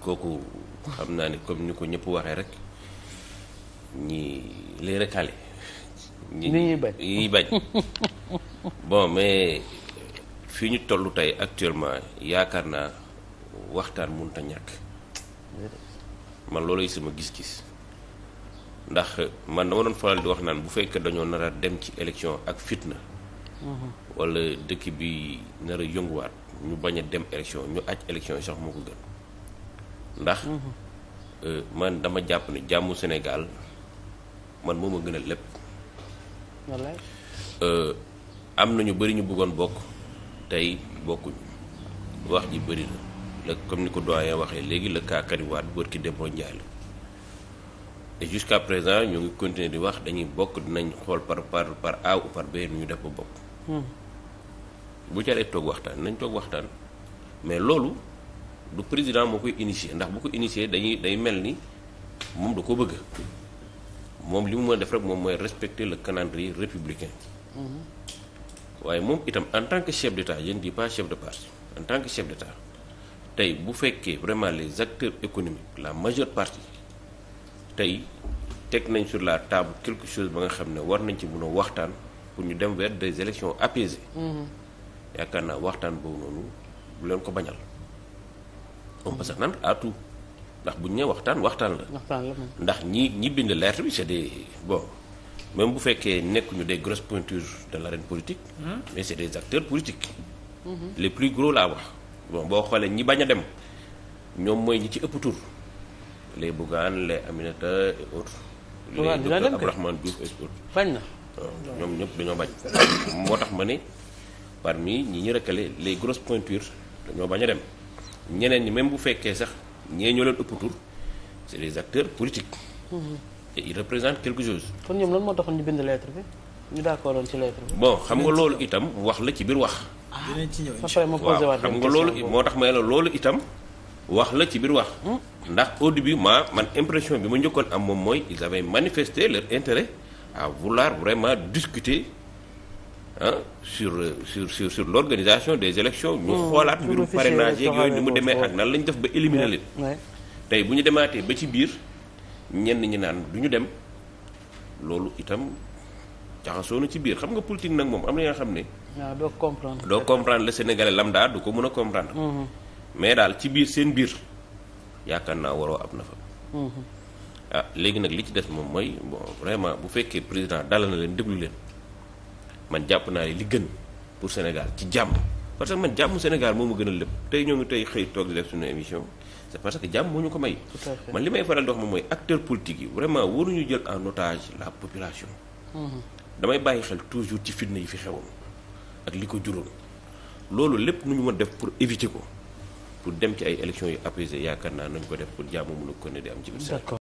kooku xam naa ni comme ni ko ñëpp waxee rek ñi les recalés. ñi ñuy bañ ñi bañ. bon mais fii ñu toll tey actuellement yaakaar naa waxtaan mënut a ñàkk. man loolay sama gis-gis. ndax man dama doon faral di wax naan bu fekkee dañoo nar a dem ci élection ak fitna. Mhm. wala dëkk bi nara a yënguwaat ñu bañ a dem élection ñu aj élection yi sax moo ko gën. ndax mhm. euh, man dama jàpp ne jàmmu Sénégal man moo ma gën a lépp euh, am na ñu bëri ñu bëggoon bokk tey bokkuñu wax ji bëri na la comme ni ko doyen waxee léegi la cas waat Wade ki demoo Ndiaye la et jusqu'à présent ñu ngi continuer di wax dañuy bokk dinañ xool par par par A par B nu ñu def ba bokk hmm. bu jaree toog waxtaan nañ toog waxtaan mais loolu du président moo koy initier ndax bu ko initier dañuy day mel ni moom da ko bëgg moom li mu mën def rek moom mooy respecter le calendrier républicain waaye moom itam en tant que chef d'état je ne dis pas chef de parti en tant que chef d'état tey bu fekkee vraiment les acteurs économiques la majeure partie tey teg nañ sur la table quelque chose ba nga xam ne war nañ ci mun a waxtaan pour ñu dem vers des élections apaisées mm-hmm. yaakaar naa waxtaan boobu noonu ko bañal parce que nag à tout ndax bu ñu nee waxtaan waxtaan la. waxtaan la ndax ñi ñi bind lettre bi c'est des bon même bu fekkee nekkuñu des grosses pointures de l'arène politique. Hmm? mais c'est des acteurs politiques. Hmm. les plus gros laa wax. bon boo xoolee ñi bañ a dem ñoom mooy ñi ci ëpp tur les Bougane les Aminata et autres. les docteur Abdourahmane Diouf et autres. bañ na ñoom ñëpp dañoo bañ. moo tax ma ne parmi ñi ñu recalé les grosses pointures dañoo bañ a dem. ñeneen ñi même bu fekkee sax ñee ñoo leen ëpp tur c'est des acteurs politiques. Mm-hmm. et ils représentent quelque chose. kon ñoom lan moo taxoon ñu bind lettre bi ñu d'accord woon ci lettre bon xam nga loolu itam wax la ci biir wax. Ah. dinañ ci ñëw waaw xam nga loolu moo tax may la loolu itam wax la ci biir wax. Hmm? ndax au début ma man impression bi ma njëkkoon am moom mooy ils avaient manifesté leur intérêt à vouloir vraiment discuter. ah sur sur sur sur l'organisation des élections ñu hmm. xoolaat mbirum parrainage yeeg yooyu ni mu demee ak nan la ñu def ba éliminer leen tey bu ñu demaatee ba ci biir ñenn ñi naan du ñu dem loolu itam jaxasoo na ci biir xam nga politique nag moom am na nga xam ne doo comprendre doo comprendre le sénégalais lambda du ko mën a comprendre hmm. mais daal ci biir seen biir yaakaar naa waroo am na fa hmm. ah léegi nag li ci des moom mooy bon bu fekkee président dalal na leen déglu leen man jàpp naa ne li gën pour Sénégal ci jàmm parce que man jàmm Sénégal moo ma a lépp tey ñoo ngi tey xëy toog di def suñu émission c'est parce que jàmm moo ñu ko may man li may faral di wax moom mooy acteur politique yi vraiment waruñu jël en otage la population mhm. damay bàyyi xel toujours ci fitna yi fi xewoon ak li ko juróom loolu lépp nu ñu mën def pour éviter ko pour dem ci ay élections yu apaisées yaakaar naa nañu ko def pour jàmm mën ko ne di am ci biir